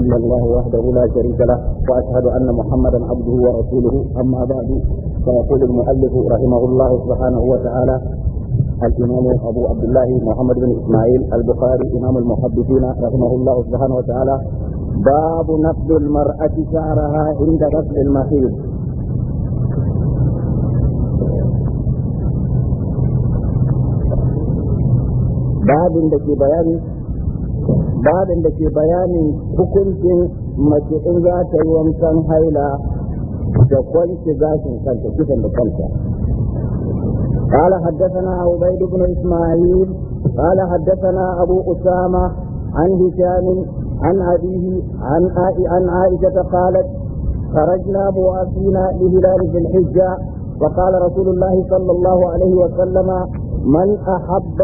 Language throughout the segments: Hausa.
إلا الله وحده لا شريك له وأشهد أن محمدا عبده ورسوله أما بعد فيقول المؤلف رحمه الله سبحانه وتعالى الإمام أبو عبد الله محمد بن إسماعيل البخاري إمام المحدثين رحمه الله سبحانه وتعالى باب نبض المرأة شعرها عند غسل المحيض باب da بيان babin da ke bayanin hukuncin mace in za ta yi wankan haila da kwanci gashin kanta kitan da kanta قال حدثنا عبيد بن اسماعيل قال حدثنا ابو اسامه عن هشام عن ابيه عن عن عائشه قالت خرجنا مؤاسين لهلال في الحجه وقال رسول الله صلى الله عليه وسلم من احب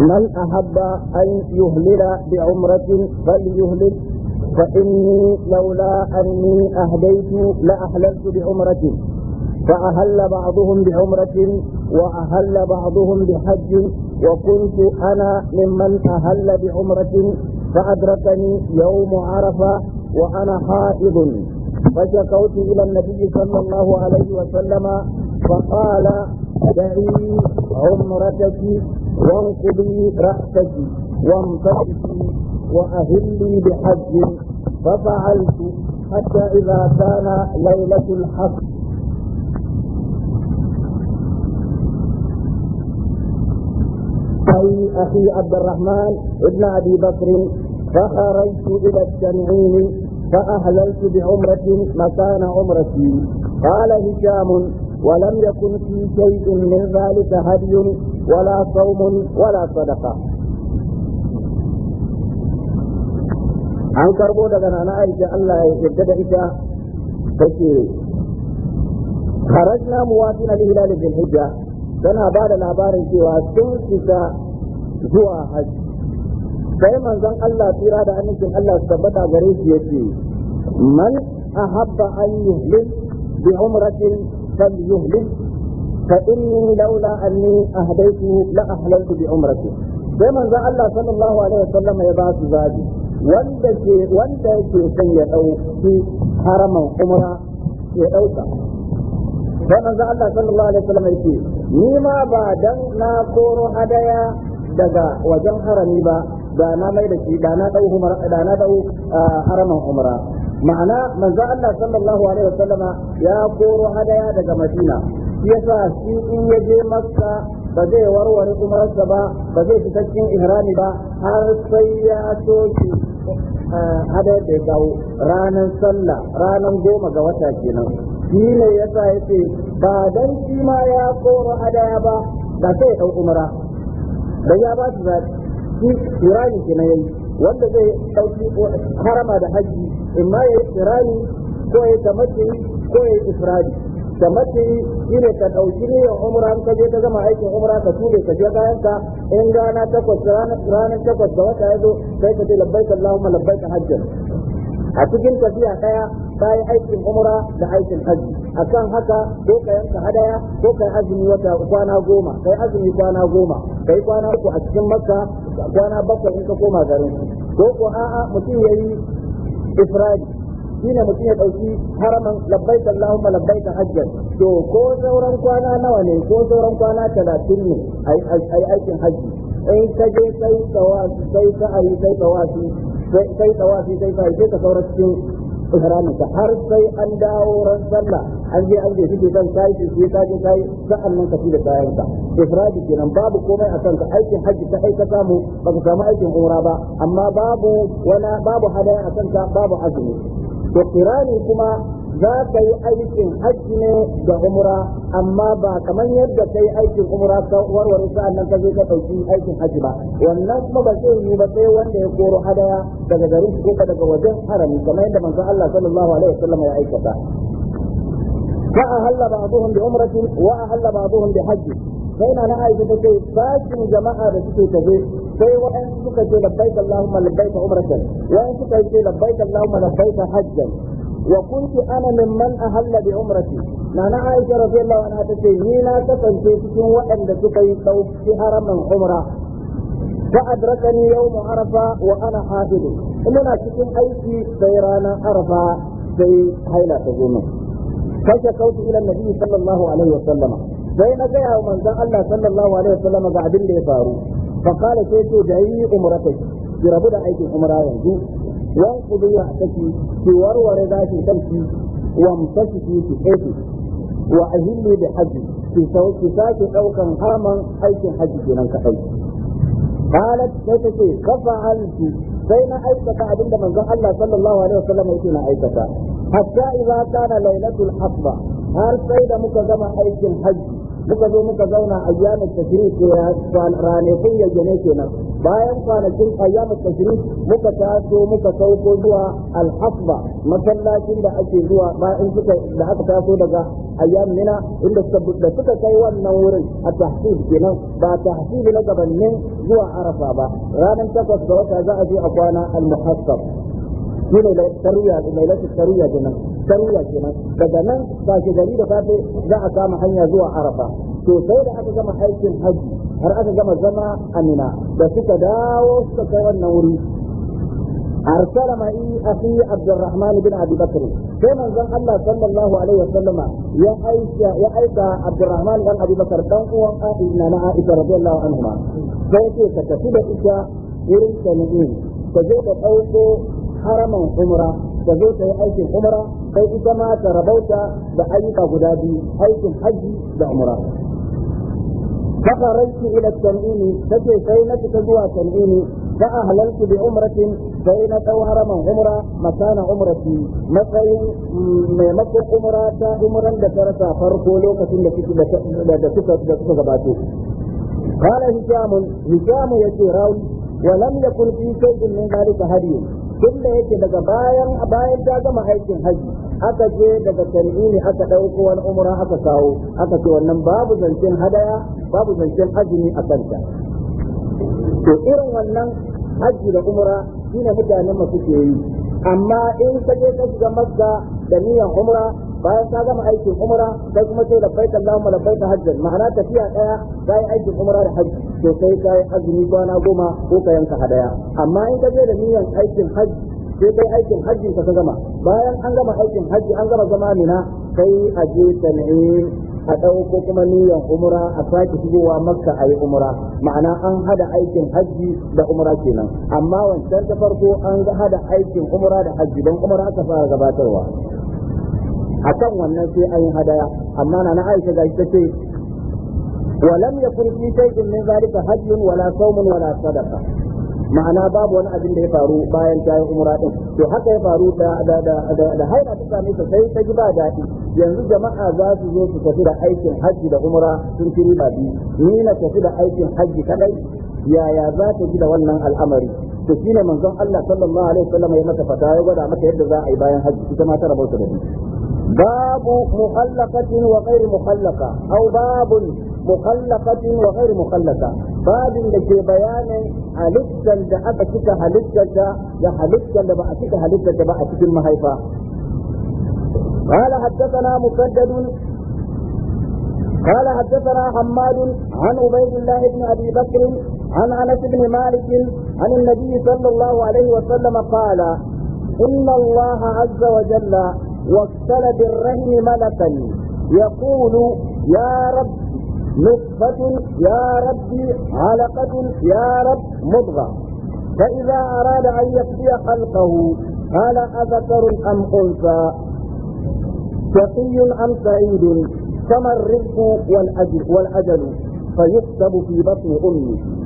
من أحب أن يهلل بعمرة فليهلل فإني لولا أني أهديت لأحللت بعمرة فأهل بعضهم بعمرة وأهل بعضهم بحج وكنت أنا ممن أهل بعمرة فأدركني يوم عرفة وأنا حائض فشكوت إلى النبي صلى الله عليه وسلم فقال دعي عمرتك وانقضي رأسك وانتصفي وأهلي بحج ففعلت حتى إذا كان ليلة الحق أي أخي عبد الرحمن ابن أبي بكر فخرجت إلى التنعيم فأهللت بعمرة مكان عمرتي قال هشام ولم يكن في شيء من ذلك هدي ولا صوم ولا صدقة an karbo daga nana aisha Allah ya yadda da ita take kharajna muwatina li hilal bil hijja tana ba da labarin cewa sun fita zuwa hajji sai manzon Allah tsira da annabiyin Allah su tabbata gare shi yace man ahabba an yuhlil bi umratin fal yuhlil فإني لولا أني أهديته لأهللت بعمرتي كما ذا الله صلى الله عليه وسلم يبعث زادي wanda ke wanda yake son ya ɗauki haraman umra ya ɗauka sai manzo Allah sallallahu alaihi wasallam yake ni ma ba dan na koro hadaya daga wajen harami ba da na mai da shi da na dau umra da na dau haraman umra ma'ana manzo Allah sallallahu alaihi wasallama ya koro hadaya daga Madina yasa shi in ya je makka ba zai warware umarsa ba ba zai fita cikin ihrami ba har sai ya soke eh, hada da ya kawo ranar sallah ranar goma ga wata kenan shi ne yasa yake ba dan shi ma ya koro hadaya ba da sai ya umara da ya ba su zaɓi shi ihrami kenan yayi wanda zai ɗauki harama da haji ma ya yi ko ya yi ko ya yi ifradi da mace shine ka ɗauki niyyar umra ka je ka gama aikin umra ka tube ka je bayan ka in rana takwas ranar takwas da wata ya yazo sai ka ce labbaik allahumma ka Hajji. a cikin tafiya daya yi aikin umra da aikin hajji akan haka ko ka yanka hadaya ko ka azumi wata kwana goma yi azumi kwana goma kai kwana uku a cikin makka kwana bakwai in ka koma garin ko ko a'a mutum ya yi ifradi shine mutum ya ɗauki haraman labbaik allahumma labbaik hajjan to ko sauran kwana nawa ne ko sauran kwana talatin ne a yi aikin hajji in ka je sai ka tawafi sai ka ai sai ka tawafi sai ka tawafi sai ka sai ka sauran cikin ihramin ka har sai an dawo ran sallah an je an je kike kan kai shi sai ka je kai sa'an nan ka fi da kayan ka ifradi kenan babu komai akan ka aikin hajji ka aika samu ba ka samu aikin umra ba amma babu wani babu hadaya akan ka babu azumi to kirani kuma za ka yi aikin hajji ne da umra amma ba kamar yadda ka yi aikin umra ka warware sa'an nan ka je ka ɗauki aikin hajji ba wannan kuma ba zai yi ba sai wanda ya koro hadaya daga garin ko daga wajen harami kamar yadda manzon Allah sallallahu alaihi wasallam ya aikata فأهل بعضهم بعمرة وأهل بعضهم hajji sai na aiki ta ce sashin jama'a da suke tafe sai wa'an suka ce labbaik Allahumma labbaik umratan wa'an suka ce labbaik Allahumma labbaik hajjan wa kuntu ana mimman ahalla bi umrati nana Aisha radiyallahu anha ce ni na kasance cikin waɗanda suka yi sauki haraman umra fa adrakani yawm arafa wa ana hafid ina cikin aiki sai ranar arafa sai haila ta zo min kashe kautu ila nabi sallallahu alaihi wa sallama sai na ga manzon Allah sallallahu alaihi wa sallama ga abin da ya faru fa qala sai ce da yi umrata ki rabu da aikin umra yanzu wan kudu ya taki ki warware gashin kanki wa mutaki ki aiki wa ahilli bi hajji ki sauki sake daukan haman aikin hajji kenan ka aiki قالت sai كفعلت sai na aikata abinda manzon Allah sallallahu alaihi wasallam yake na aikata hatta idza kana lailatul hasba har sai da muka gama aikin hajji muka zo muka zauna ayyamin tashrik ya ranakun kenan bayan kwanakin ayyamin tashrik muka taso muka sauko zuwa alhasba masallacin da ake zuwa bayan suka da aka taso daga ayyam mina inda da suka kai wannan wurin a tahsib kenan ba tahsib na gabanin zuwa arafa ba ranar takwas ga wata za a je a kwana al-muhassab shi ne tarwiya mai lafi tarwiya kenan tarwiya kenan daga nan ba shi gari da safe za a kama hanya zuwa arafa to sai da aka gama aikin aji har aka gama zama amina da suka dawo suka kai wannan wuri أرسل معي أخي عبد الرحمن بن أبي بكر كما زن الله صلى الله عليه وسلم يا أيسى يا أيسى عبد الرحمن بن أبي بكر كان sai إن عائشة رضي الله عنهما فيتي كتسبة إيشا إرسل نعيم فجيت أوكو haraman umra da zai ta yi aikin umra sai ita ma ta rabauta da ayyuka guda biyu aikin hajji da umra فخرجت إلى التنعيم تجي سينة تزوى تنعيم فأهللت بعمرة سينة وهرما عمرة مكان عمرتي مثلا ممكن عمرة عمرا ذكرتها فرقوا لوكة لتكتب قال هشام هشام يتي راوي ولم يكن في شيء من ذلك هدي tunda yake daga bayan bayan ta gama aikin haji aka je daga tarihi aka ɗauko wani umra aka kawo aka ce wannan babu zancen hadaya babu zancen azumi a kanta to irin wannan haji da umra shine mutanen masu suke yi amma in ka je ka shiga makka da niyyar umra bayan ka gama aikin umra sai kuma sai da labbaik Allahumma baita hajjan ma'ana tafiya daya kai aikin umra da hajji to sai kai azumi kwana goma ko ka yanka hadaya amma in ka je da niyyar aikin hajji sai kai aikin hajji ka gama bayan an gama aikin hajji an gama zama mina kai je tan'im a ɗauko kuma niyyar umra a sake shigowa makka a yi umra ma'ana an hada aikin hajji da umra kenan amma wancan ta farko an hada aikin umra da hajji don umra aka fara gabatarwa akan wannan sai an yi hadaya amma na na Aisha gashi ce. walam yakun fi shay'in min zalika hajjun wala sawmun wala sadaka, ma'ana babu wani abin da ya faru bayan ta yi umra din to haka ya faru da da da da ta same ta sai ta ji ba daɗi yanzu jama'a za su zo su tafi da aikin hajji da umra sun kiri ba biyu ni na tafi da aikin hajji kadai yaya za ta ji da wannan al'amari to shine manzon Allah sallallahu alaihi wasallam ya mata fata ya gwada mata yadda za a yi bayan hajji ita ma ta rabauta da shi باب مخلقة وغير مخلقة أو باب مخلقة وغير مخلقة باب لكي بيان حلقة لأبتك حلقة لحلقة لبأتك حلقة بأتك المهيفة قال حدثنا مسدد قال حدثنا حماد عن عبيد الله بن أبي بكر عن أنس بن مالك عن النبي صلى الله عليه وسلم قال إن الله عز وجل واكتل بالرهن ملكا يقول يا رب نطفة يا رب علقة يا رب مضغة فإذا أراد أن يكفي خلقه قال أذكر أم أنثى شقي أم سعيد كما الرزق والأجل, والأجل فيكتب في بطن أمه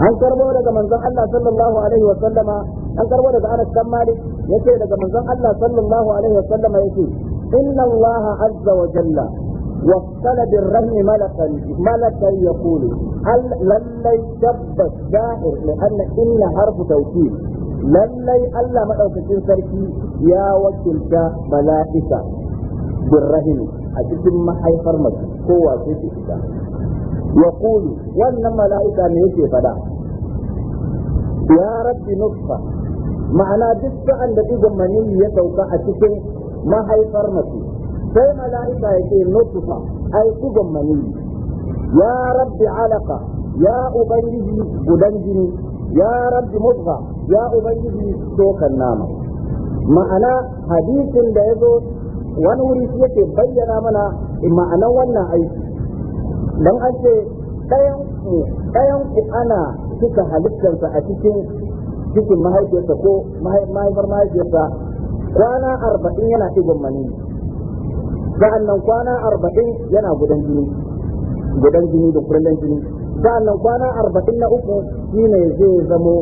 عن karbo من manzon صلى الله عليه وسلم sallama an karbo daga مالك yace daga manzon Allah sallallahu alaihi wasallam yace inna Allah azza wa jalla wassala birrahmi malakan malakan yaqulu lallai tabbas da'ir li anna inna harfu tawkid lallai Allah madaukakin sarki ya wakilta mala'ika birrahmi a cikin mahaifar mace ko wace ce ita yaqulu wannan mala'ika ne yake fada ya rabbi nutfa ma'ana duk sa'an da idan maniyyi ya dauka a cikin mahaifar mace sai mala'ika ya ce nutufa ai idan maniyyi ya rabbi alaka ya ubangiji gudan jini ya rabbi mudgha ya ubangiji dokan nama ma'ana hadisin da ya zo wani wuri yake bayyana mana ma'anan wannan aiki dan an ce ɗayan ku ana cika halittarsa a cikin cikin mahaifiyarsa ko mahaifar mahaifiyarsa kwana arba'in yana ɗigon mani nan kwana arba'in yana gudan jini gudan jini da kurallen jini sa'annan kwana arba'in na uku shine zai zamo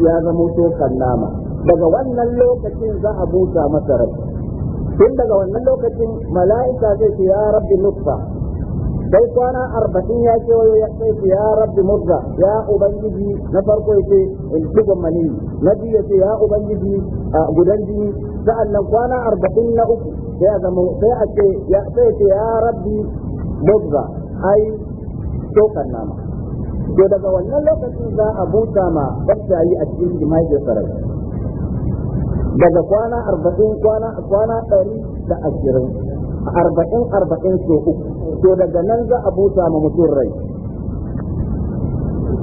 ya zamo tokan nama daga wannan lokacin za a busa masa rai tun daga wannan lokacin mala'ika zai ce ya rabbi nutfa sai kwana arba'in ya kewayo ya sai ce ya rabbi murza ya ubangiji na farko ya ce in tugon mani na biyu ya ce ya ubangiji gudan jini sa'annan kwana arba'in na uku sai a zama sai a ce ya sai ce ya rabbi murza ai tokan nama to daga wannan lokacin za a buta ma wacce yi a cikin jima'i da sarai daga kwana arba'in kwana kwana ɗari da ashirin arba'in arba'in so uku to daga nan za a buta ma mutum rai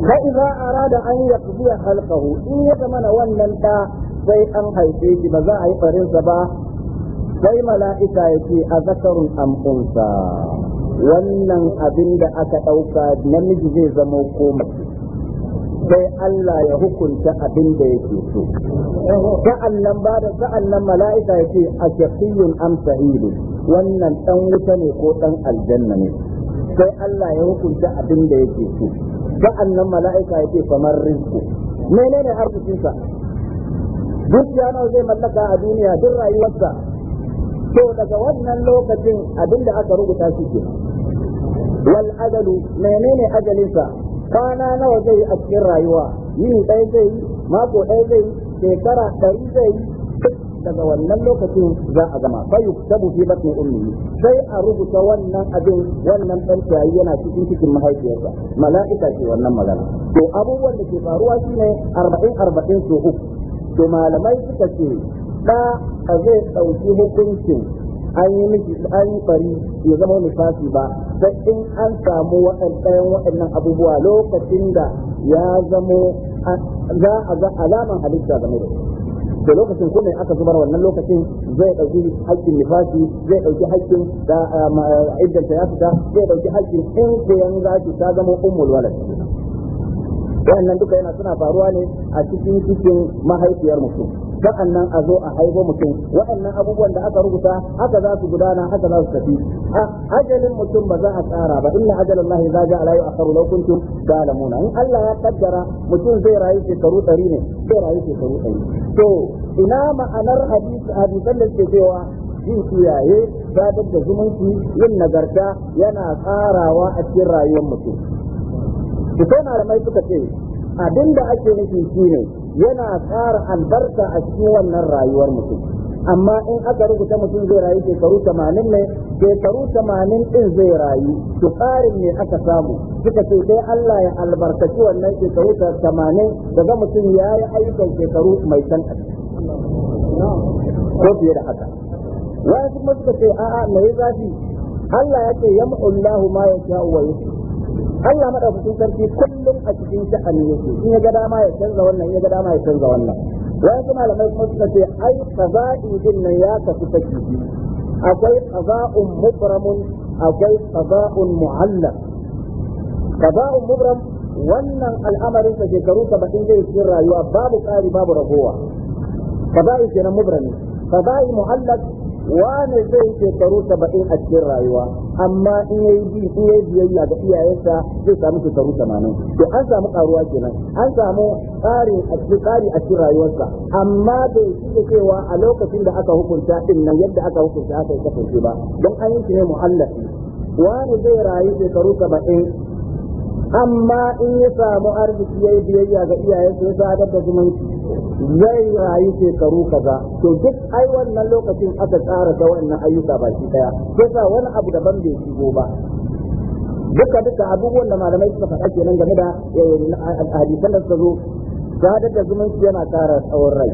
fa idza arada an yaqdiya halkahu. in ya zamana wannan da sai an haife shi ba za a yi farinsa ba sai mala'ika yake a zakarun am wannan abin da aka ɗauka namiji zai zama ko mace sai Allah ya hukunta abin da yake so sa'an nan ba da sa'an nan mala'ika yake a shaqiyun am sa'idun wannan dan wuta ne ko dan aljanna ne sai Allah ya hukunta abin da yake so sa'annan mala'ika yake kamar rizqu menene arzikinsa dukiya nawa zai mallaka a duniya duk rayuwarsa to daga wannan lokacin abin da aka rubuta shi ke wal ajalu menene ajalinsa kana nawa zai yi a cikin rayuwa yi ɗaya zai yi mako ɗaya zai yi shekara ɗari zai yi daga wannan lokacin za a gama fa yuktabu fi batni ummi sai a rubuta wannan abin wannan dan tayi yana cikin cikin mahaifiyarsa mala'ika ce wannan magana to abubuwan da ke faruwa shine 40 40 su uku to malamai suka ce da zai dauki hukuncin an yi miki an yi bari ya zama nifasi ba sai in an samu waɗannan waɗannan abubuwa lokacin da ya zamo za a ga alaman halitta game da to lokacin kuma aka zubar wannan lokacin zai dauki haƙƙin nifasi zai dauki haƙƙin da eh, eh, ta ya fita zai dauki haƙƙin in za zaki ta zama ummul walad wannan duka yana suna faruwa ne a cikin cikin mahaifiyar mutum sa'annan a zo a haihu mutum waɗannan abubuwan da aka rubuta haka za su gudana haka za su tafi a ajalin mutum ba za a tsara ba inna ajalan lahi za ja ala yu'akhiru law kuntum ta'lamuna in Allah ya kaddara mutum zai rayu shekaru ɗari ne zai rayu shekaru ɗari. to ina ma'anar hadisi hadisan da ke cewa jin kiyaye gadar da zumunci yin nagarta yana tsarawa a cikin rayuwar mutum fito na da mai suka ce abin da ake nufi ne yana tsara albarka a cikin wannan rayuwar mutum amma in aka rubuta mutum zai rayu shekaru tamanin ne shekaru tamanin din zai rayu to ƙarin ne aka samu suka ce sai Allah ya albarkaci wannan shekaru tamanin daga mutum ya yi ayyukan shekaru mai san ko fiye da haka wai kuma suka ce a'a me ya zafi Allah ya ce yam'ullahu ma ya yasha wa yusri Allah madaukakin sarki kullum a cikin sha'ani yake in ya ga dama ya canza wannan in ya ga dama ya canza wannan wai kuma malamai kuma suka ce ai qaza'i din nan ya kasu saki akwai kaza'un mukramun akwai qaza'un mu'allaq qaza'un mubram wannan al'amarin sa shekaru 70 zai cikin rayuwa babu ƙari babu ragowa qaza'i kenan mubram qada'i mu'allaq wane zai shekaru saba'in a cikin rayuwa amma in yayi bi in yayi biyayya ga iyayensa zai samu shekaru tamanin to an samu karuwa kenan an samu tsari a cikin tsari a cikin rayuwarsa amma bai shi cewa a lokacin da aka hukunta din nan yadda aka hukunta aka yi kasance ba don an yi shi ne muhallafi wani zai rayu shekaru saba'in amma in ya samu arziki yi biyayya ga su ya sadar da zumunci zai rayu shekaru kaza to duk ai wannan lokacin aka tsara ta wannan ayyuka ba shi daya yasa wani abu daban bai shigo ba duka duka abubuwan da malamai suka faɗa kenan game da eh, hadisan da suka zo sadar da zumunci yana tsara tsawon rai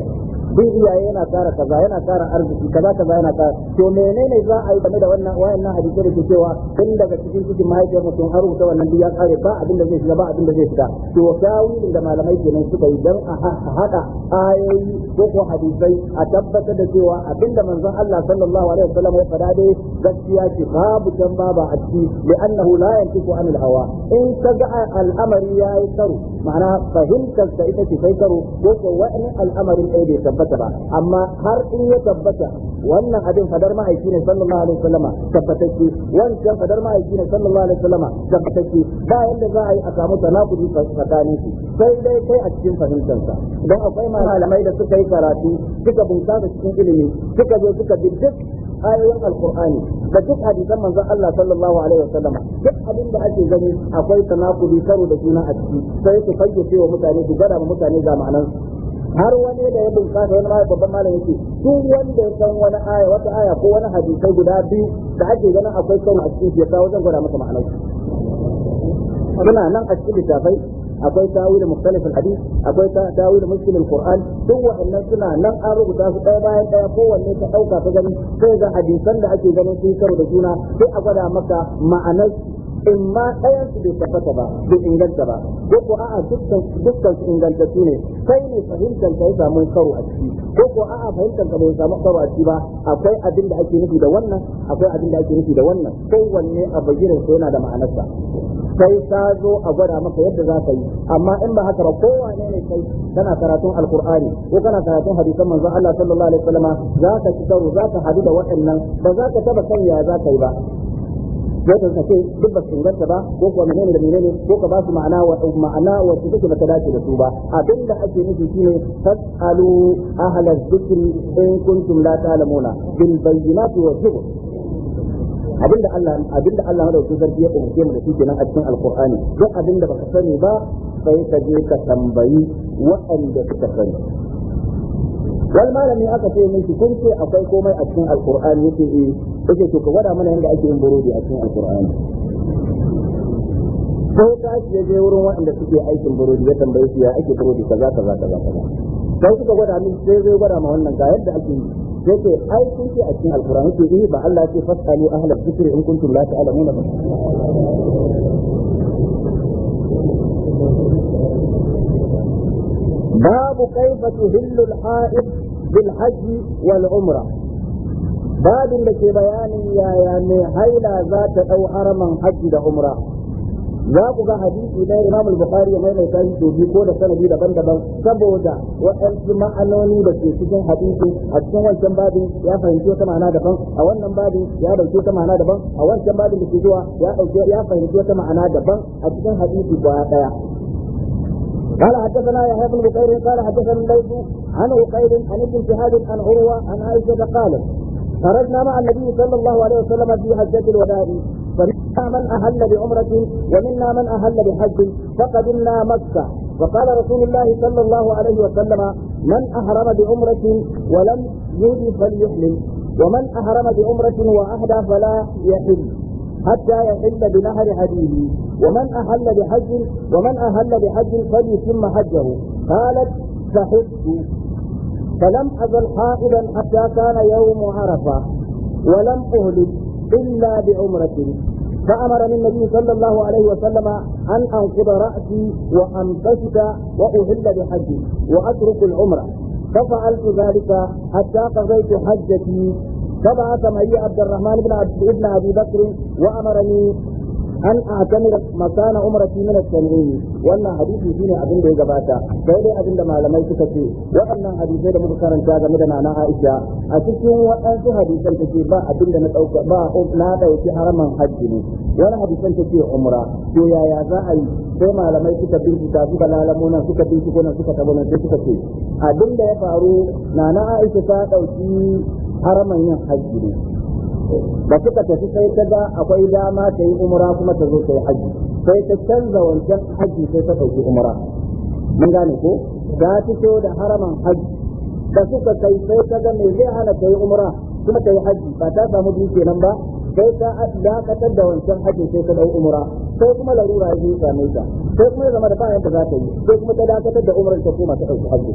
bin iyaye yana kara kaza yana kara arziki kaza kaza yana kara to menene za a yi game da wannan wayannan hadisi da ke cewa tun daga cikin cikin mahaifiyar mutum har rubuta wannan duk ya kare ba abin da zai shiga ba abin da zai fita to tawilin da malamai kenan suka yi dan a hada ayoyi ko ko hadisai a tabbatar da cewa abin da manzon Allah sallallahu alaihi wasallam ya faɗa dai gaskiya ce babu can baba a ciki li'annahu la yantiqu an al-hawa in kaga al'amari yayi karo ma'ana fahimtar da ita ce sai karo ko ko wani al'amarin ɗaya bai tabbata tabbata ba amma har in ya tabbata wannan abin fadar mahaifi ne sallallahu alaihi wasallama tabbatacce wancan fadar mahaifi ne sallallahu alaihi wasallama tabbatacce ba yanda za a yi a samu da tsakanin su sai dai kai a cikin fahimtar sa don akwai malamai da suka yi karatu suka bunƙasa cikin ilimi suka zo suka bi duk ayoyin alqur'ani da duk hadisan manzon Allah sallallahu alaihi wasallama duk abin da ake gani akwai tanakuri karo da juna a ciki sai su fayyace wa mutane su gada mutane ga ma'anar har wani da ya bincika wani mai babban malam yake duk wanda ya san wani aya wata aya ko wani hadisai guda biyu da ake ganin akwai kauna a cikin ya kawo zan gwada maka ma'anar suna nan a cikin littafai akwai tawil mukhtalif hadis akwai tawil muslim alquran duk waɗannan suna nan an rubuta su ɗaya bayan ɗaya kowanne ka ɗauka ta gani sai ga hadisan da ake ganin sun karo da juna sai a gwada maka ma'anar in ma ɗayan su bai tabbata ba bai inganta ba ko ko a'a dukkan dukkan su ingantattu ne sai ne fahimtar ka ya samu karo a ciki ko ko a'a fahimtar ka bai samu karo a ciki ba akwai abin da ake nufi da wannan akwai abin da ake nufi da wannan kowanne a bayyana sa yana da ma'anar sa. sai ka zo a gwada maka yadda za ka yi amma in ba haka ba kowane ne kai kana karatun alkur'ani ko kana karatun hadisan manzon Allah sallallahu alaihi wasallam za ka ci karo za ka hadu da waɗannan ba za ka taba kan ya za ka yi ba wajen ka ce duk ba su inganta ba ko kuwa menene da menene ko ka ba su ma'ana wa ma'ana wacce take ta dace da su ba abin da ake nufi shine fasalu ahla dhikri in kuntum la ta'lamuna bil bayyinati wa zubur abinda Allah abinda Allah madauki sarki ya umarce mu da shi kenan a cikin alqur'ani duk abinda baka sani ba sai ka je ka tambayi waɗanda suka sani wal malami aka ce mishi kun ce akwai komai a cikin alqur'ani yake eh yake to ka gwada mana yanda ake yin burodi a cikin alqur'ani sai ta ya je wurin waɗanda suke aikin burodi ya tambaye su ya ake burodi kaza kaza kaza kaza sai suka gwada min sai zai gwada ma wannan ga yadda ake yi sai ce ai kun ce a cikin alqur'ani ce yi ba Allah ce fasalu ahlal zikri in kuntum la ta'lamuna ba babu kaifa tuhillu al-ha'id بالحج والعمرة باب لك بيان يا يا هيلا ذات أو حرما حج da umra za ku ga hadisi na Imam al-Bukhari ya mai tashi ko da sanadi daban-daban saboda waɗansu ma'anoni da ke cikin hadisi a cikin wancan babin ya fahimci wata ma'ana daban a wannan babin ya dauke wata ma'ana daban a wancan babin da ke zuwa ya fahimci wata ma'ana daban a cikin hadisi ba قال حدثنا يحيى بن بكير قال حدثنا الليث عن عقيل عن ابن شهاب عن عروه عن عائشه قالت خرجنا مع النبي صلى الله عليه وسلم في حجه الوداع فمنا من اهل بعمره ومنا من اهل بحج فقدمنا مكه وقال رسول الله صلى الله عليه وسلم من احرم بعمره ولم يجد فليحلم ومن احرم بعمره واهدى فلا يحل حتى يحل بنهر هديه ومن أحل بحج ومن أحل بحج فليتم حجه قالت فحجت فلم أزل حائضا حتى كان يوم عرفة ولم أهلك إلا بعمرة فأمرني النبي صلى الله عليه وسلم أن أنقض رأسي وأمتشت وأهل بحجي وأترك العمرة ففعلت ذلك حتى قضيت حجتي فبعث سمعي عبد الرحمن بن عبد ابن ابي بكر وامرني an atamira makana umrati min at-tanwini wannan hadisi shine abin da ya gabata sai dai abin da malamai suka ce waɗannan hadisai da muka karanta game da nana Aisha a cikin waɗansu hadisan take ba abin da na dauka ba na dauki haraman hajji ne wani hadisan take umra to yaya za a yi sai malamai suka bincika suka lalamo nan suka binciko nan suka tabo nan sai suka ce abin da ya faru nana Aisha ta dauki haraman yin hajji ne da suka tafi sai ta ga akwai dama ta yi umra kuma ta zo ta yi haji sai ta canza wancan haji sai ta ɗauki umara mun gane ko ta fito da haraman haji da suka kai sai ta ga mai zai hana ta yi umra kuma ta yi haji ba ta samu biyu kenan ba sai ta dakatar da wancan haji sai ta dau umara sai kuma larura ya same ta sai kuma zama da bayan ta za ta yi sai kuma ta dakatar da umrar ta koma ta dauki haji.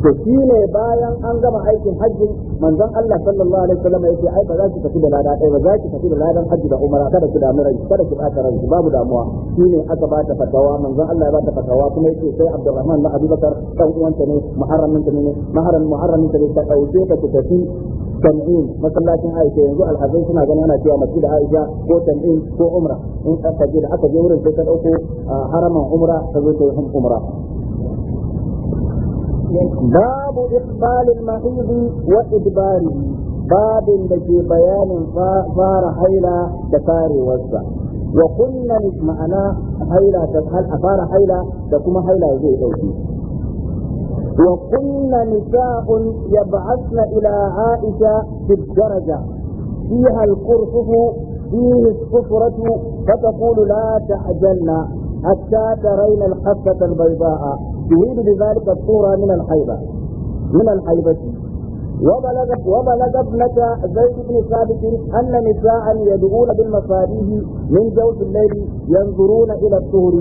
to shi ne bayan an gama aikin hajji manzon Allah sallallahu alaihi wasallam yace ai ba za ki tafi da lada ɗaya ba za ki tafi da ladan hajji da umara kada ki damu rai kada ki bata rai babu damuwa shi ne aka ba ta fatawa manzon Allah ya ba fatawa kuma yace sai Abdurrahman bin abubakar Bakar uwan ta ne muharramin ta ne muharram muharramin ta ne ta dauke ta ku tafi tan'in masallacin Aisha yanzu alhazai suna ganin ana cewa masjid Aisha ko tan'in ko umra in ka je da aka je wurin sai ka dauko ah, haraman umra ka zo ka yi umra باب إقبال المريض وإدباره باب الذي بيان صار حيلة تكاري وسع وقلنا معنا حيلة تفعل أفار حيلة تكما حيلة زي أوتي وقلنا نساء يبعثن إلى عائشة في الدرجة فيها القرفف فيه الصفرة فتقول لا تعجلن حتى ترين الحبة البيضاء تريد بذلك الصورة من الحيبة من الحيبة وبلغت وبلغ ابنك زيد بن ثابت ان نساء يدعون بالمصابيح من جوف الليل ينظرون الى الطهر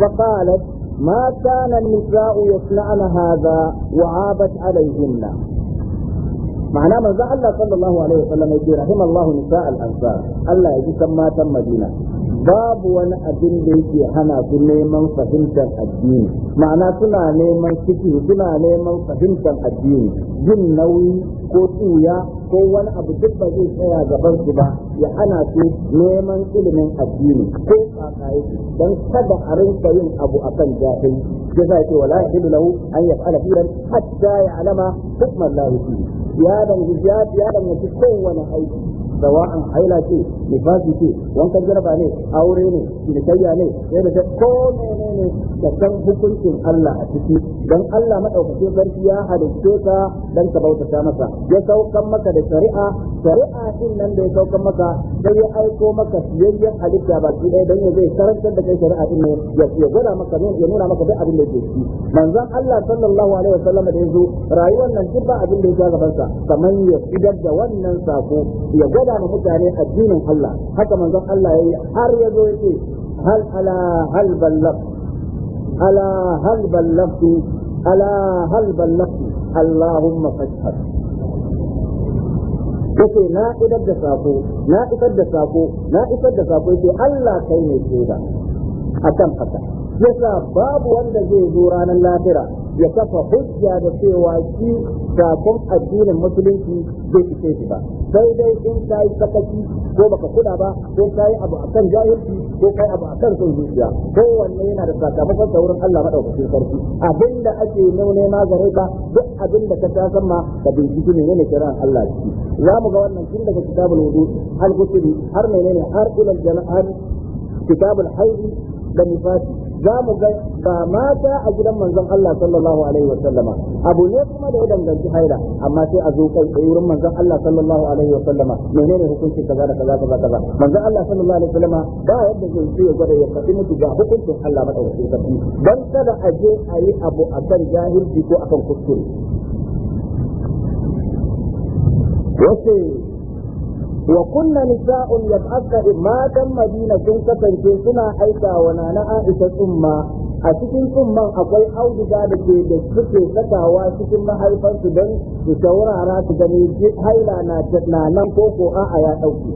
فقالت ما كان النساء يصنعن هذا وعابت عليهن معناه من الله صلى الله عليه وسلم يقول رحم الله نساء الانصار الله يجي كما تم دينه babu wani abin da yake hana su neman fahimtar addini ma'ana suna neman ciki suna neman fahimtar addini jin nauyi ko tsuya ko wani abu duk ba zai tsaya gaban su ba ya hana su neman ilimin addini ko kakaye don kada a rinka yin abu akan jahil ya sa ce wala yahilu lahu an yaf'ala fi'lan hatta ya'lama hukman lahi ya dangi ya dangi kowane aiki sawa'an haila ce nifasi ce wankan jaraba ne aure ne cinikayya ne sai da ko menene da san hukuncin Allah a ciki dan Allah madaukakin sarki ya halicce ka dan ka bautata masa ya saukan maka da shari'a shari'a din nan da ya sauka maka sai ya aiko maka siyayyen halitta baki ɗaya dan ya zai karantar da kai shari'a din ne ya gwada maka ya nuna maka duk abin da yake ciki manzon Allah sallallahu alaihi wasallam da yazo rayuwar nan duk ba abin da yake gaban sa kamar ya fitar da wannan sako ya gwada ma mutane addinin Allah haka manzon Allah yayi har yazo yake hal ala hal ballagh ala hal ballagh ala hal ballagh اللهم فاشهد yace na idar da sako na isar da sako na isar da sako yace Allah kai ne shaida akan haka yasa babu wanda zai zo ranar lafira ya kafa hujja da cewa shi sakon addinin musulunci zai fice shi ba sai dai in ka yi sakaci ko baka kula ba ko ka yi abu akan jahilci ko kai abu akan son zuciya kowanne yana da sakamakon sa wurin Allah madaukakin sarki abinda ake nema gare ka duk abinda ka ta ma ka binciki menene kiran Allah shi za mu ga wannan tun daga kitabul wudu al-ghusli har menene har ila al-janahar kitabul haidi da nifasi za mu ga ba mata a gidan manzon Allah sallallahu alaihi wa sallama abu ne kuma da ya danganci haila amma sai a zo kai wurin manzon Allah sallallahu alaihi wa sallama menene hukunci kaza da kaza kaza kaza manzon Allah sallallahu alaihi wa sallama ba yadda zai ce ya gwada ya kafi mutu ga hukuncin Allah madaukakin sarki dan kada a je a yi abu akan jahilci ko akan kuskure wasu wa kunna nisa'un yab'aka matan madina sun kasance suna aika wa nana Aisha tsumma a cikin tsumman akwai auduga da ke da suke sakawa cikin mahaifansu don su shaurara su gani haila na nan koko a'a ya dauke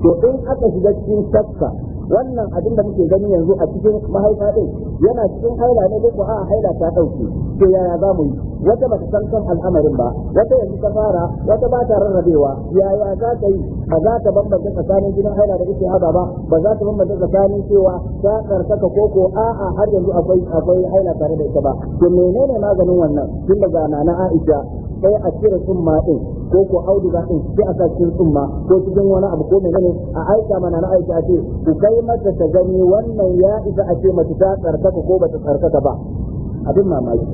to in aka shiga cikin shakka wannan abin da muke gani yanzu a cikin mahaifa din yana cikin haila ne duk a haila ta dauke to yaya za mu yi wata ba ta san al'amarin ba wata yanzu ta fara wata ba ta rarrabewa yaya za ta yi ba za ta bambanta tsakanin jinin haila da ita haba ba ba za ta bambanta tsakanin cewa ta karkaka koko a'a har yanzu akwai akwai haila tare da ita ba to menene maganin wannan tun daga nana Aisha sai a cire tsumma ɗin ko ko auduga din sai a sa cikin tsumma ko cikin wani abu ko menene a aika mana na aika ce ku kai mata ta gani wannan ya isa a ce mace ta tsarkaka ko bata tsarkaka ba abin mamaki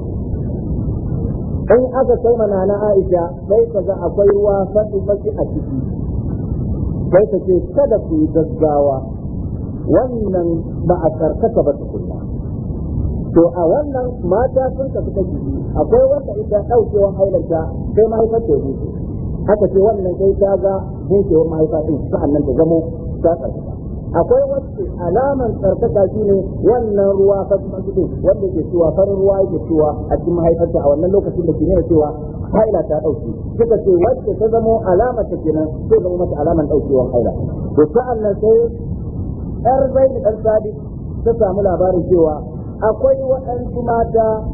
in aka kai mana na Aisha sai ka ga akwai ruwa fatu baki a ciki sai ka ce kada ku gaggawa wannan ba a tsarkaka ba tukunna to a wannan mata sun tafi jiki, akwai wanda idan daukewar hailanta sai mahaifar ta yi haka ce wannan sai ta ga mahaifar mahaifa din sa'annan ta zamo ta tsarkaka akwai wacce alaman tsarkaka ne wannan ruwa fa din wanda ke cewa farin ruwa yake cewa a cikin mahaifarta a wannan lokacin da ke nuna cewa haila ta dauke suka ce wacce ta zamo alama ta kenan sai zama mata alaman daukewar haila to sa'annan sai yar zai da ɗan sadi ta samu labarin cewa akwai waɗansu mata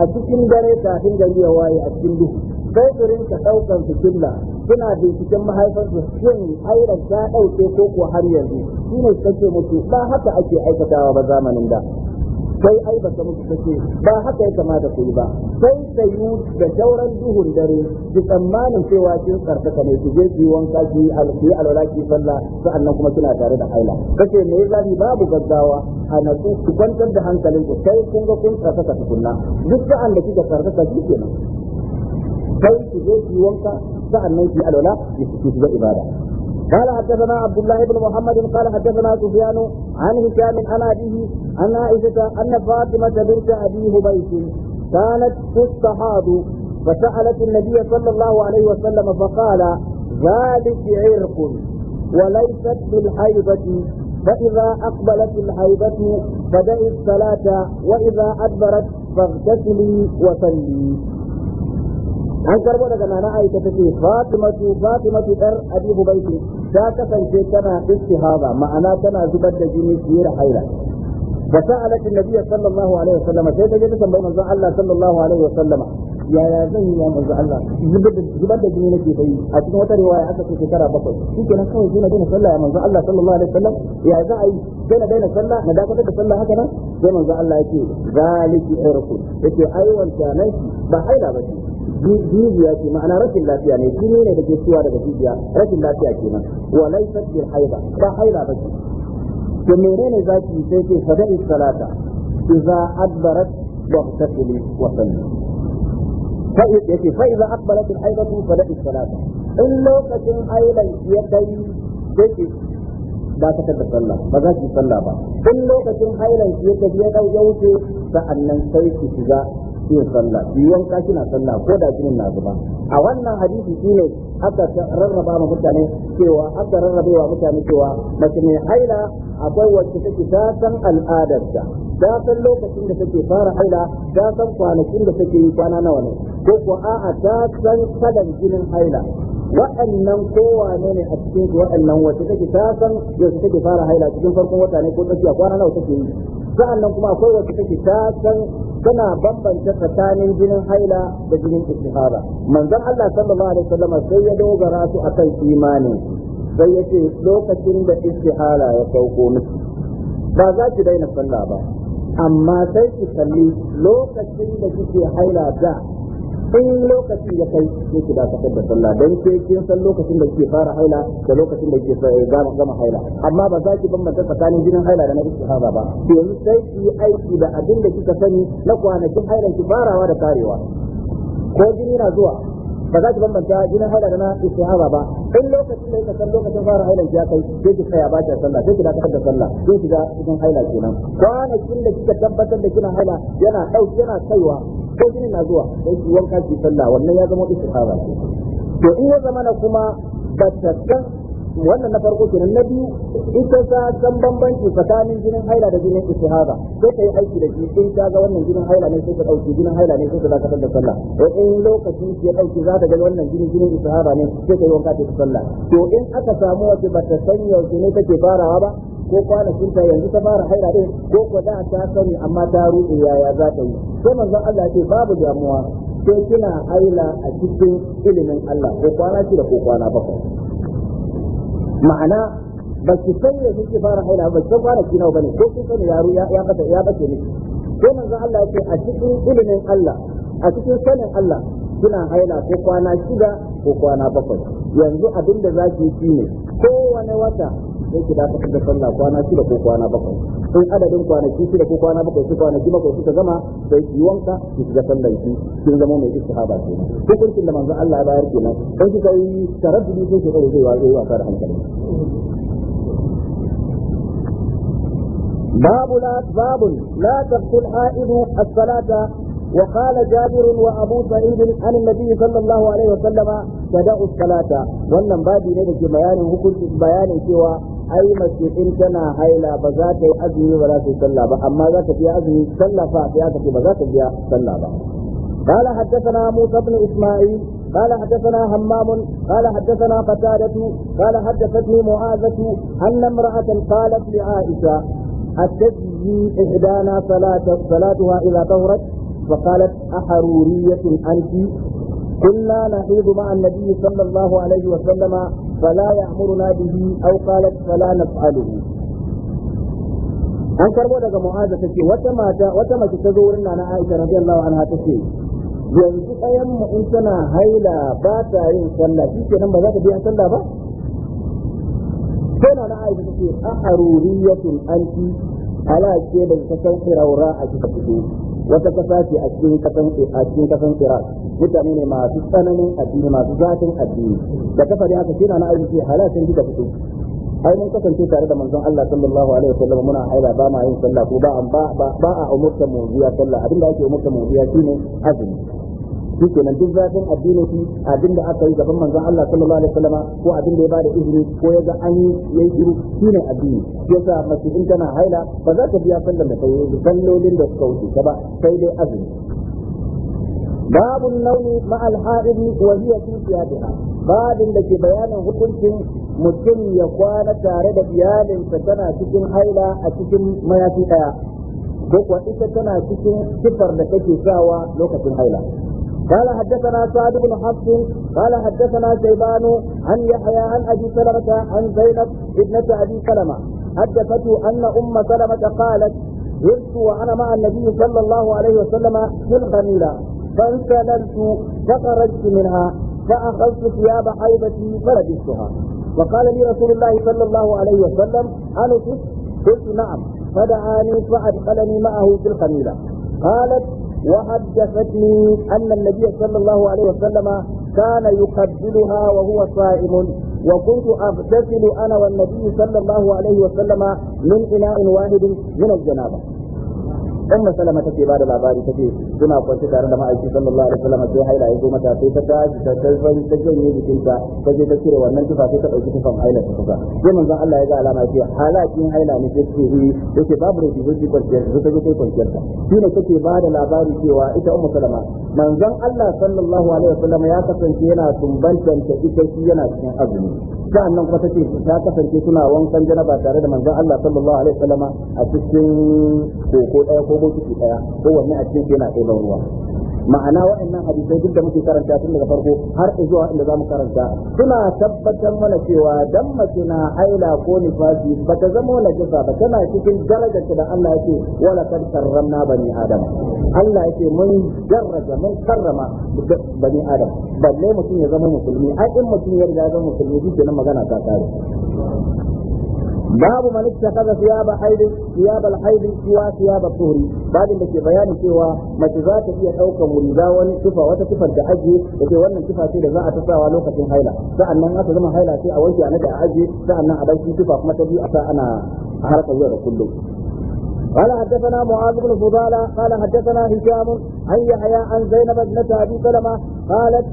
a cikin dare kafin gari ya waye a cikin duhu sai su rinka ɗaukar su killa suna binciken mahaifarsu shin hairar ta ɗauke ko ko har yanzu shi ne suka ce ba haka ake aikatawa ba zamanin da sai aibata musu take ba haka ya kamata ku yi ba sai ka yi da sauran duhun dare ki tsammanin cewa kin karkata ne ki je ki wanka ki alki alwala sallah sa'annan kuma kina tare da haila kace me ya zabi babu gaggawa a natsu ku kwantar da ku sai kun ga kun karkata tukunna duk sa'an da kika karkata shi kenan kai ki je ki wanka sa'annan ki alwala ki ci ibada قال حدثنا عبد الله بن محمد قال حدثنا سفيان عن هشام عن أبيه عن عائشة أن فاطمة بنت أبي هبيش كانت تستحاض فسألت النبي صلى الله عليه وسلم فقال ذلك عرق وليست بالحيضة فإذا أقبلت الحيضة فدعي الصلاة وإذا أدبرت فاغتسلي وصلي an karbo daga nana aisha ta ce fatimatu fatimatu dar abi hubayti ta kasance tana istihaba ma'ana tana zubar da jini fiye da haila fa sa'alat an-nabiy sallallahu alaihi wasallam sai ta je ta tambayi manzon Allah sallallahu alaihi wasallam yaya zan yi ya manzo Allah zubar da jini nake bai a cikin wata riwaya aka ce shekara bakwai shikenan kawai sai na daina sallah ya manzo Allah sallallahu alaihi wasallam ya za a yi sai na daina sallah na dakatar da sallah haka nan sai manzo Allah yake zaliki irku yake ai wancan nan ba haila ba ce jijiya ce ma'ana rashin lafiya ne jini ne da ke ciwa daga jijiya rashin lafiya ke kenan wa laysa bil haila ba haila ba ce to menene zaki sai ce fada'i salata idza adbarat wa tasli wa sallu فإذا يتي فإذا أقبلت الحيضة فلا الصلاة إن لو كتم أيضا يدي ba ta kada sallah ba za ki sallah ba in lokacin hailan ya tafi ya dau ya wuce sa'annan sai ki shiga shi sallah shi yanka na sallah ko da jinin na zuba a wannan hadisi shine aka rarraba ma mutane cewa aka rarrabewa mutane cewa mace mai haila akwai wacce take ta san al'adarta ta san lokacin da take fara haila ta san kwanakin da take yi kwana nawa ne ko ko a'a ta san kalan jinin haila wa'annan kowane ne a cikin wa'annan wacce take ta san yaushe take fara haila cikin farkon wata ne ko tsakiya kwana nawa take yi sa'annan kuma akwai wacce take ta san suna bambanta tsakanin jinin haila da jinin istihara manzon Allah sallallahu alaihi wasallam sai ya dogara su akan imanin sai ya ce lokacin da istihara ya sauko miki ba za ki daina sallah ba amma sai ki kalli lokacin da kike haila da in lokaci ya kai sai ki dakatar da sallah dan ke kin san lokacin da kike fara haila da lokacin da kike gama gama haila amma ba za ki bambanta tsakanin jinin haila da na istihaba ba to yanzu sai ki aiki da abin da kika sani na kwanakin haila ki farawa da karewa ko jini na zuwa ba za ki bambanta jinin haila da na istihara ba in lokacin da yake san lokacin fara hailan ya kai sai ki tsaya ba ki sallah sai ki dakatar da sallah sai ki ga cikin haila kenan kwanakin da kika tabbatar da kina haila yana dauki yana kaiwa ko jini na zuwa sai ki wanka ki sallah wannan ya zama istihara to in ya zama na kuma ba ta san wannan na farko kenan na biyu ita ta san bambanci tsakanin jinin haila da jinin istihaba sai ka yi aiki da shi in ka ga wannan jinin haila ne sai ka dauki jinin haila ne sai ka dakatar da sallah to in lokacin ya dauki za ka ga wannan jinin jinin istihaba ne sai ka yi wanka ta sallah to in aka samu wace ba ta san yaushe ne kake farawa ba ko kwanakin ta yanzu ta fara haila din ko ko da ta sani amma ta rufe yaya za ta yi sai manzon Allah ce babu damuwa sai kina haila a cikin ilimin Allah ko kwana shida ko kwana bakwai ma'ana ba ki san da kike fara haila ba san fara kina bane ko kin sani yaro ya ya bata ya bace manzo Allah ya a cikin ilimin Allah a cikin sanin Allah kina haila ko kwana shida ko kwana bakwai yanzu abin da zaki yi ne kowane wata sai ki dakatar da sallah kwana shida ko kwana bakwai in adadin kwanaki shida ko kwana bakwai su kwanaki bakwai suka zama sai ki wanka ki shiga sallan ki kin zama mai istihaba ke hukuncin da manzon Allah ya bayar kenan dan kika yi taraddudi sai ki dauke wa zai wasa da hankali la babun la لا haidu حائض salata وقال جابر وابو سعيد عن النبي صلى الله عليه وسلم تدعوا الصلاه wannan babi ne da ke bayanin hukuncin bayanin cewa ai mace in tana haila ba za ta yi azumi ba za ta yi sallah ba amma za ta azumi sallah fa ta ba za ta biya sallah ba قال حدثنا موسى بن اسماعيل قال حدثنا همام قال حدثنا قتادة قال حدثتني معاذة أن امرأة قالت لعائشة أتجزي إحدانا صلاتها إذا طهرت فقالت أحرورية أنت كنا نحيض مع النبي صلى الله عليه وسلم فلا يأمرنا به أو قالت فلا نفعله an karbo daga mu'aza tace wata mata wata mace ta zo wurin nana Aisha radiyallahu anha tace yanzu ɗayan mu in tana haila ba ta yin sallah nan ba za ta biya sallah ba sai nana Aisha tace aharuriyatun anti ala ke da ta san firaura a cikin wata kasa ce a cikin kasan a cikin kasan Iraq mutane ne masu tsananin addini masu zatin addini da kafa ne aka kira na aiki halatin duka fito ai mun kasance tare da manzon Allah sallallahu alaihi wasallam muna haila ba ma yin sallah ko ba ba a umurta mu biya sallah abinda ake umurta mu biya shine azumi shi nan duk zafin addini shi abinda aka yi gaban manzon Allah sallallahu alaihi ko abinda ya bada izini ko ya ga an yi yayi shiru shine addini yasa mace in tana haila ba za ta biya sallar da kai sallolin da suka wuce ba sai dai azumi babu nauni ma al-ha'id wa hiya fi babin da ke bayanin hukuncin mutum ya kwana tare da iyalinsa tana cikin haila a cikin mayafi daya ko kuwa ita tana cikin sifar da take sawa lokacin haila قال حدثنا سعد بن حفص قال حدثنا شيبان عن يحيى عن ابي سلمه عن زينب ابنه ابي سلمه حدثته ان ام سلمه قالت جئت وانا مع النبي صلى الله عليه وسلم في الخميله فانسللت فخرجت منها فاخذت ثياب حيضتي فلبستها وقال لي رسول الله صلى الله عليه وسلم انفس قلت نعم فدعاني فادخلني معه في الخميله قالت وحدثتني أن النبي صلى الله عليه وسلم كان يقبلها وهو صائم وكنت أغتسل أنا والنبي صلى الله عليه وسلم من إناء واحد من الجنابة ummu salama take ba da labari take suna kwance tare da ma'aiki sallallahu alaihi wasallam sai haila ya zo mata sai ta tashi ta tarfani ta janye jikinta ta je ta cire wannan tufa sai ta dauki tufan haila ta tuka sai manzon Allah ya ga alama ya ce halakin haila ne sai ce eh yace babu rufi sai ki kwanciyar ta zo kai kwanciyar ta shine take ba da labari cewa ita ummu salama manzon Allah sallallahu alaihi wasallam ya kasance yana tumbantanta ita shi yana cikin azumi sa'annan kuma tace ta kasance suna wankan janaba tare da manzon Allah sallallahu alaihi wasallam a cikin koko ɗaya ko ko bokiti daya ko wanne a cikin yana ɗaya ruwa ma'ana waɗannan hadisai duk da muke karanta tun daga farko har zuwa inda zamu karanta suna tabbatar mana cewa dan mace na ko ko nifasi ba ta zama kisa ba tana cikin darajar da Allah yake wala kad karramna bani adam Allah yake mun daraja mun karrama bani adam balle mutum ya zama musulmi ai in mutum ya riga zama musulmi shi kenan magana ta kare باب من اتخذ ثياب حيض ثياب الحيض سوى ثياب الطهر بعد في بيان سوى ما تزاك هي حوك مريضا وتفى وتفى الجعجي وفي وانا تفى في لذاء تفى ولوكة حيلة فأنا ما تزم حيلة في أولي أنا جعجي فأنا أبيتي تفى فما تبي أفى أنا أحرق الوضع كله قال حدثنا معاذ بن فضالة قال حدثنا هشام عن يحيى عن زينب بن أبي سلمة قالت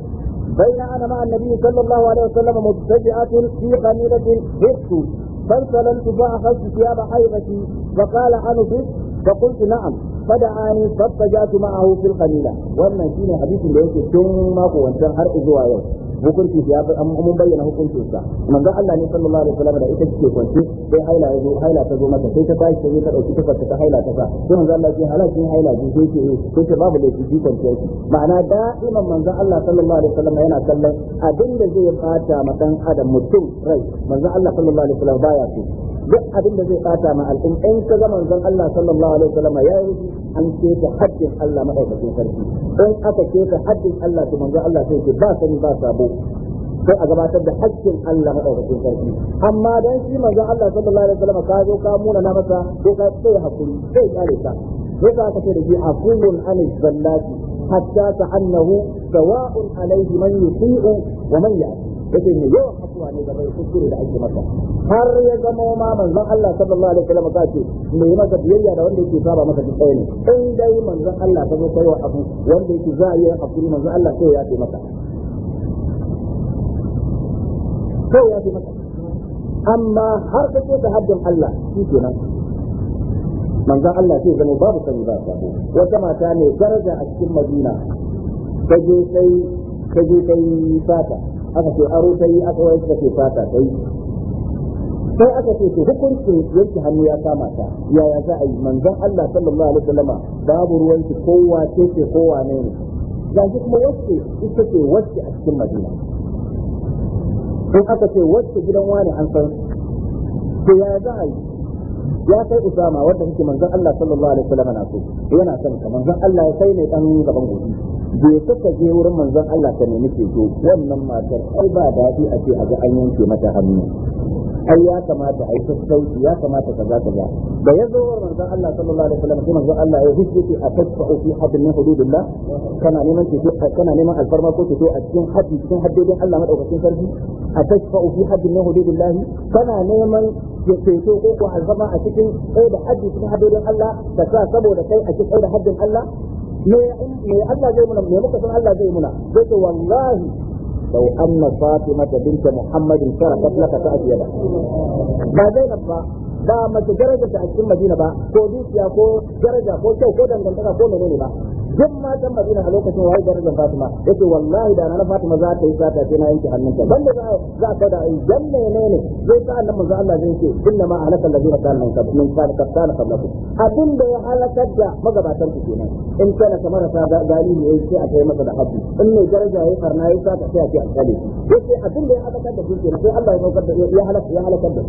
بين أنا مع النبي صلى الله عليه وسلم مبتدعة في قميلة بيكتو فانسلمت فأخذت ثياب حيضتي فقال أنفس فقلت نعم فدعاني فاتجات معه في القليلة وانا شيني حديث ليس ثم قوة har zuwa yau hukunci ya an mun bayyana hukuncin sa manzon Allah ne sallallahu alaihi wasallam da ita ce kwance sai haila ya zo haila ta zo mata sai ta tashi sai ta dauki tufar ta haila ta sa sai manzon Allah ya halaka yin haila ji sai ce eh, sai ce babu laifi ji kwanciyar ki ma'ana da'iman manzon Allah sallallahu alaihi wasallam yana kallon abin da zai bata ma dan adam mutum rai manzon Allah sallallahu alaihi wasallam baya so duk abin da zai bata ma al'um in ka ga manzon Allah sallallahu alaihi wasallam ya yi an ce ta haddin Allah madaukakin sarki in aka ce ta haddin Allah to manzon Allah sai ce ba sani ba sabo sai a gabatar da haƙƙin Allah madaukakin sarki amma dan shi manzon Allah sallallahu alaihi wasallam ka zo ka muna na masa ko ka sai hakuri sai kare ka sai ka kace da shi aqulun anil zallati hatta ta annahu sawa'un alaihi man yusi'u wa man ya'ti yake ne yawan hakuwa ne da bai kuskure da ake masa har ya zama ma manzon Allah sallallahu alaihi wasallam ka ce me yi masa biyayya da wanda yake saba masa duk ɗaya ne in dai manzon Allah ta zo kai wa abu wanda yake za a yi hakuri manzon Allah sai ya ce masa kawai ya fi maka amma har ka ce ta haddin Allah shi kenan manzon Allah sai zama babu sani ba sabo wata mata ne daraja a cikin Madina ta je sai ta je sai fata aka ce aro ta yi aka wayar ta ce fata ta yi sai aka ce to hukuncin yanke hannu ya kama ta yaya za a yi manzon Allah sallallahu alaihi wasallama babu ruwan ki kowa ce ce kowa ne ne ga kuma wacce ita ce wacce a cikin Madina in aka ce wacce gidan wani an san to ya za a yi ya kai usama wanda kake manzon Allah sallallahu alaihi wasallam na so yana son ka manzon Allah ya kai ne dan gaban gobe je saka je wurin manzon Allah ta nemi ceto wannan matar ai ba daɗi a ce a ga an yanke mata hannu ai ya kamata a yi sassauci ya kamata kaza kaza da ya manzon Allah sallallahu alaihi wasallam sai manzon Allah ya hujjati a tasfa'u fi haddin min hududillah kana neman ce kana neman alfarma ko a cikin haddi cikin haddodin Allah madaukakin sarki a tasfa'u fi haddin min hududillah kana neman ceto ko ko alfarma a cikin ɗaya da haddi cikin haddodin Allah da sa saboda kai a cikin ɗaya da haddin Allah me me Allah zai muna me muka san Allah zai muna zai ce wallahi لو أن فاطمة بنت محمد سرقت لك تأتي بعدين ba mace daraja ta a cikin Madina ba ko dukiya ko daraja ko kyau ko dangantaka ko menene ba duk matan Madina a lokacin waye darajar Fatima yace wallahi da na Fatima za ta yi sata sai na yanke hannunta banda za za ta da aljanna ne ne sai ka annabi manzo Allah zai ce inna ma halaka alladhina kana min qabl min qabl kana qablakum abin da ya halakar da magabatan ku kenan in kana kamar sa da gari ne sai a kai masa da abu. in ne daraja yayi farna yayi sata sai a ce alƙali yace abin da ya halakar da ku kenan sai Allah ya saukar da ya halaka ya halakar da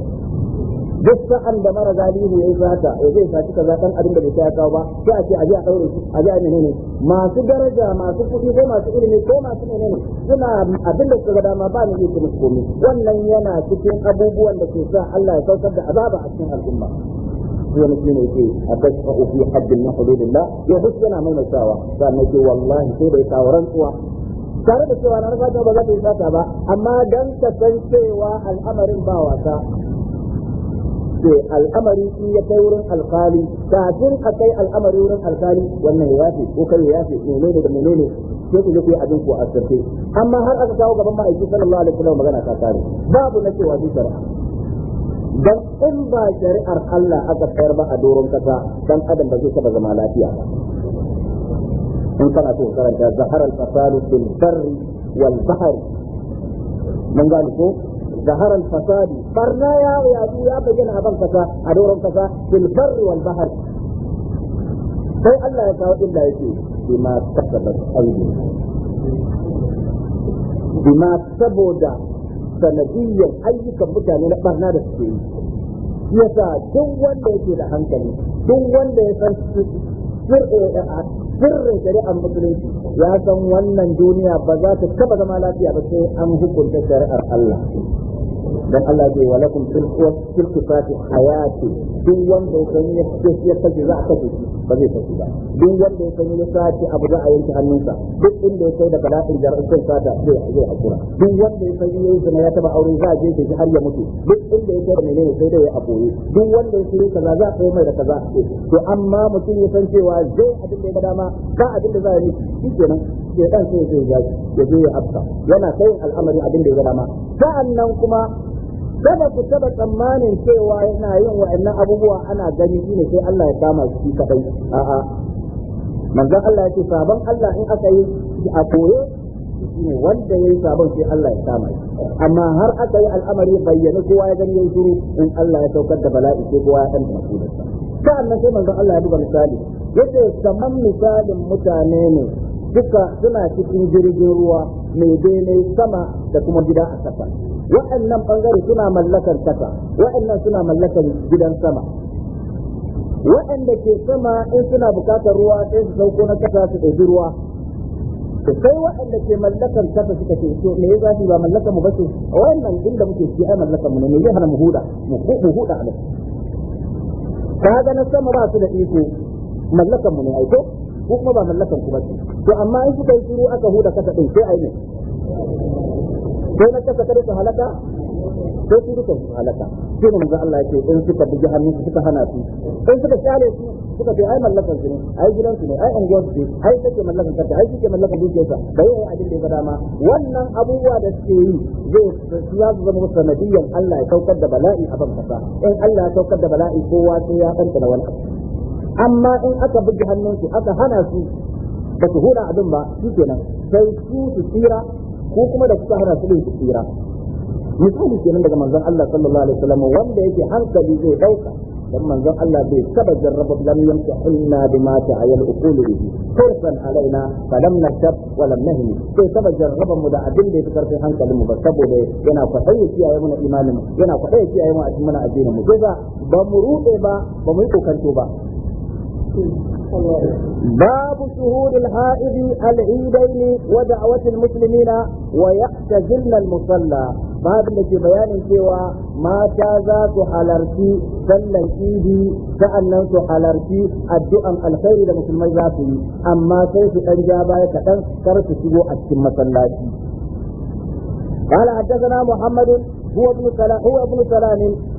duk sa'an da mara galihu ya yi sata ya zai saci kaza kan abin da bai ya kawo ba sai a ce a je a daure shi a je a menene masu daraja masu kuɗi ko masu ilimi ko masu menene suna abin da suka dama ba ni yake musu komai wannan yana cikin abubuwan da ke sa Allah ya saukar da azaba a cikin al'umma sai mutum ne ke a tashfa fi haddin na hududillah ya hus yana maimaitawa sannan ce wallahi sai bai kawo rantsuwa tare da cewa na rasa ba za ta yi sata ba amma dan ta san cewa al'amarin ba wasa ce al'amari in ya kai wurin alkali kafin a kai al'amari wurin alkali wannan ya yafe ko kai ya yafe ne da ne sai ku je ku yi abin ku a sirte amma har aka kawo gaban ma'aiki sallallahu alaihi wasallam magana ta kare babu na cewa bi shari'a dan in ba shari'ar Allah aka tsayar ba a doron kasa dan adam ba zai taba zama lafiya ba in kana so karanta zahara al fil barri wal bahri mun gane ko ظهر الفساد برنا يا يا بجن أبن كسا أدور كسا في البر والبحر sai Allah ya kawo illa yake bima kasabat aidi bima saboda sanadiyyar ayyukan mutane na barna da suke yi yasa duk wanda yake da hankali duk wanda ya san sirrin shari'ar musulunci ya san wannan duniya ba za ta taba zama lafiya ba sai an hukunta shari'ar Allah dan Allah wa lakum fil qisati hayati duk wanda ya san ya ya za ka ba zai kaje ba duk wanda ya san ya abu a yanke hannunsa duk inda ya kai jar'in sai zai zai hakura duk wanda ya san zina ya taba aure za a je shi har ya mutu duk inda ya menene sai ya aboye duk wanda ya shiri kaza za a yi mai da kaza to amma mutum ya san cewa zai abin da ya dama abin da za yi shi kenan dan sai ya je ya afka yana kai al'amari abin da ya dama sa'annan kuma kada ku taba tsammanin cewa yana yin wa'annan abubuwa ana gani shine sai Allah ya kama shi kadai a'a manzon Allah yake sabon Allah in aka yi a koyo shine wanda yayi sabon sai Allah ya kama shi amma har aka yi al'amari bayyana kowa ya gani yayi shiru in Allah ya saukar da bala'i sai kowa ya san da shi sa'annan sai manzon Allah ya buga misali yace kaman misalin mutane ne duka suna cikin jirgin ruwa mai bene sama da kuma gida a ƙasa waɗannan ɓangare suna mallakar ƙasa waɗannan suna mallakar gidan sama waɗanda ke sama in suna buƙatar ruwa sai su sauko na ƙasa su ɗauki ruwa sai waɗanda ke mallakar ƙasa suka ce to me za su ba mallakar mu ba ce wannan inda muke ci ai mallakar mu ne me zai hana mu huda mu huda a kaga na sama ba su da iko mallakar mu ne ai ko kuma ba mallakan ku ba su? to amma in suka yi shiru aka huda kasa din sai ayi sai na kasa kare su halaka sai su duka su halaka sai ne manzo Allah yake in suka bugi hannu suka hana su in suka share su suka ce ai mallakan su ne ai gidan su ne ai an gwamnati ce ai take mallakan kanta ai kike mallakan dukiyarsa bai yi abin da ya dama wannan abubuwa da suke yi zai su za zama sanadiyan Allah ya saukar da bala'i a ban kasa in Allah ya saukar da bala'i kowa sai ya kanta da wani amma in aka bugi hannunsu aka hana su ba su hura abin ba su kenan sai su su tsira ko kuma da suka hana su din su tsira misali kenan daga manzon Allah sallallahu alaihi wasallam wanda yake hankali zai dauka dan manzon Allah bai saba jarraba lam yamta inna bima ta'ayyal uqulu bihi kursan alaina falam nashab wa lam nahmi sai saba jarraba mu da abin da yake karfin hankalin mu ba saboda yana kwaɗayi kiyaye mana imanin yana kwaɗayi kiyaye mana addinin mu ba mu rude ba ba mu yi kokanto ba باب شهود الحائض العيدين ودعوة المسلمين ويحتجلن المصلى باب لك بيان سوى ما كذا تحلرتي سلن ايدي سألن تحلرتي الدعاء الخير لمسلمين ذاتي أما كيف أنجابا يتقن كرت سوى أتم مسلاتي قال حدثنا محمد هو ابن سلام هو ابن سلام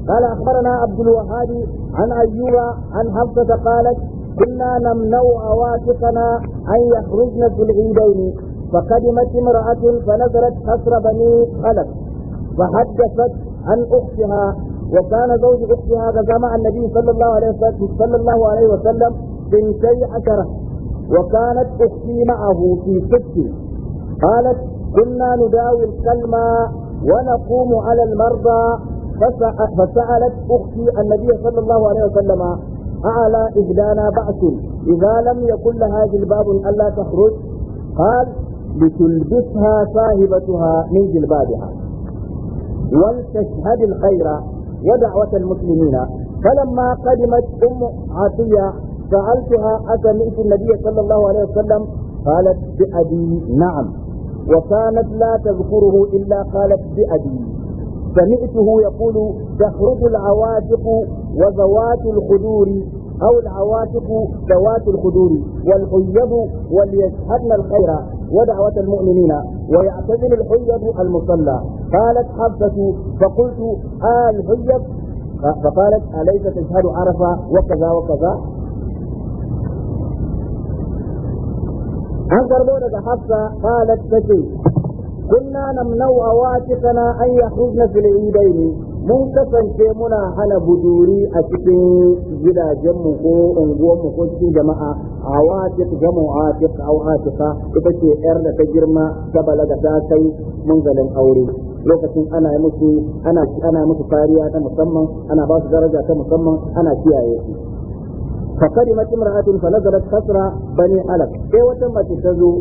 قال أخبرنا عبد الوهاب عن أيوب عن حفصة قالت كنا نمنع عواتقنا أن يخرجن في العيدين فقدمت امرأة فنزلت حسر بني خلف فحدثت عن أختها وكان زوج أختها غزا مع النبي صلى الله عليه وسلم صلى الله عليه وسلم بنتي أكرة وكانت أختي معه في ست قالت كنا نداوي الكلمة ونقوم على المرضى فسألت أختي النبي صلى الله عليه وسلم أعلى إهدانا بأس إذا لم يكن لها جلباب ألا تخرج قال لتلبسها صاحبتها من جلبابها ولتشهد الخير ودعوة المسلمين فلما قدمت أم عطية سألتها أسمعت النبي صلى الله عليه وسلم قالت بأبي نعم وكانت لا تذكره إلا قالت بأبي سمعته يقول تخرج العواتق وذوات الخدور أو العواتق ذوات الخدور والحيض وليشهدن الخير ودعوة المؤمنين ويعتزل الحيض المصلى قالت حفصة فقلت آه الحيض فقالت أليس تشهد عرفة وكذا وكذا أنظر مولد حفصة قالت qalat kunna namnau awatikana an yakhrujna fil idaini mun kasance muna hana buduri a cikin mu ko mu ko cikin jama'a a watif jamu atif au atifa ita ce yar da ta girma ta balaga ta kai munzalin aure lokacin ana yi musu ana ana musu kariya ta musamman ana ba su daraja ta musamman ana kiyaye su فقدمت امرأة فنزلت خسرة بني حلب wata وتمت tazo.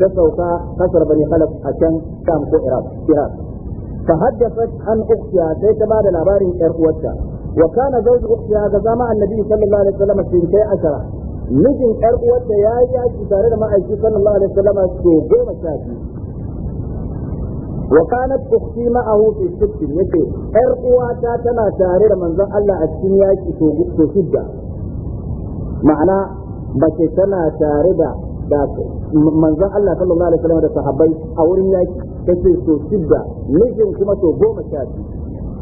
ta sauka kasar bani khalaf a can sham ko iraq iraq فحدثت عن اختها سيت بعد العبار ارقوتها وكان زوج اختها زمان النبي صلى الله عليه sun kai عشره mijin ƴar uwarta ya yi yaki tare da ma'aiki sallallahu alaihi wasallam so goma sha biyu wa kanat ukhti ma'ahu fi sittin yace ƴar uwata tana tare da manzon Allah a cikin yaki so so shidda ma'ana bace tana tare da da manzon Allah sallallahu alaihi wasallam da sahabbai a wurin yaki take so shidda mijin kuma so goma sha biyu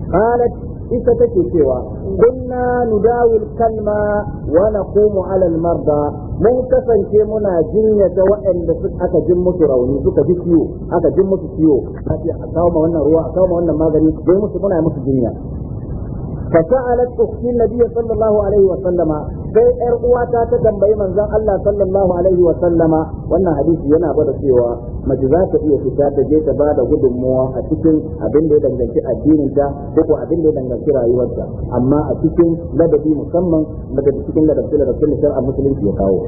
qalat ita take cewa kunna nudawil kalma wa naqumu ala al marda mun kasance muna ta waɗanda aka jin musu rauni suka ji ciwo aka jin musu ciwo a kawo wannan ruwa a musu jinya فسألت أختي النبي صلى الله عليه وسلم sai yar uwata ta tambayi manzon Allah sallallahu alaihi wa sallama wannan hadisi yana gwada cewa mace za ta iya fita ta je ta bada gudunmuwa a cikin abin da ya danganci addinin ta ko abin da ya danganci rayuwarta amma a cikin ladabi musamman daga cikin ladabi ladabin shar'a musulunci ya kawo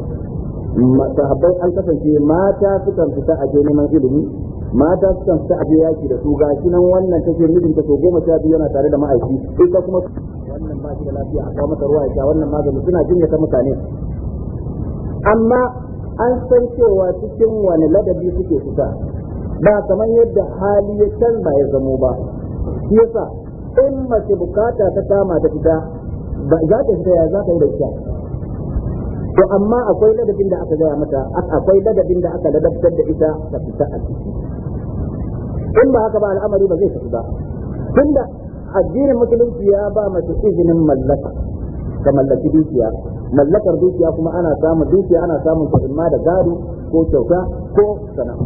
sahabbai an kasance mata sukan fita a je neman ilimi mata sukan fita a je yaki da su gashi nan wannan take mijinta so goma sha biyu yana tare da ma'aiki ita kuma wannan ba shi da lafiya a kawo mata ruwa ya sha wannan magani suna jinyata mutane amma an san cewa cikin wani ladabi suke fita ba kamar yadda hali ya canza ya zamo ba shi yasa in mace bukata ta kama ta fita ba za ta fita ya za ta yi da ita to amma akwai ladabin da aka gaya mata akwai ladabin da aka ladabtar da ita ta fita a ciki in ba haka ba al'amari ba zai tafi ba tunda addinin musulunci ya ba mace izinin mallaka ka mallaki dukiya mallakar dukiya kuma ana samun dukiya ana samun kuɗin da gado ko kyauta ko sana'a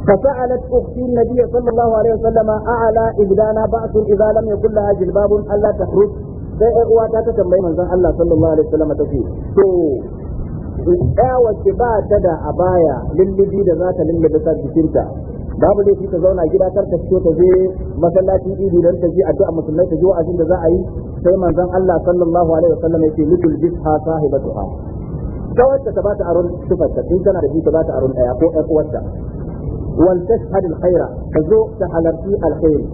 فسألت أختي النبي صلى الله عليه وسلم أعلى إبدانا بأس إذا لم يكن لها جلباب ألا تخرج sai ‘yan uwa ta tambayi manzon Allah sallallahu alaihi wasallam ta ce to ɗaya wacce ba ta da abaya lullubi da za ta lullubi sa jikinta babu laifi ta zauna gida kar ta fito ta je masallacin idi don ta je addu'a musulmai ta ji wa'azin da za a yi sai manzon Allah sallallahu alaihi wasallam yake lukul bisha sahibatuha ta wacce ta bata aron tufarta in tana da biyu ta bata aron daya ko ƴan uwarta wal tashhad al khaira ta zo ta halarci alkhairi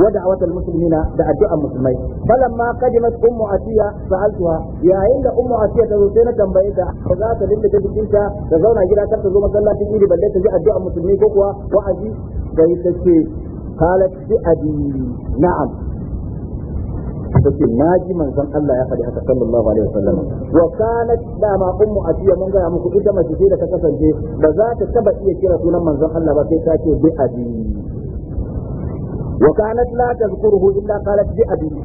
ودعوة المسلمين دعاء المسلمين فلما قدمت أم عتية سألتها يا عند أم عتية تزوجين تنبيتها فذات لم تجدك تزونا جدا تزوم صلى في إيدي بل تجي أدعاء المسلمين كوكوا وأزي فيتشي قالت بأبي نعم take na ji manzon Allah ya faɗi haka sallallahu alaihi wasallam wa kanat dama ummu atiya mun ga muku ita mace ce da ta kasance ba za ta taba iya kira sunan manzon Allah ba sai ta ce وكانت لا تذكره إلا قالت بأبي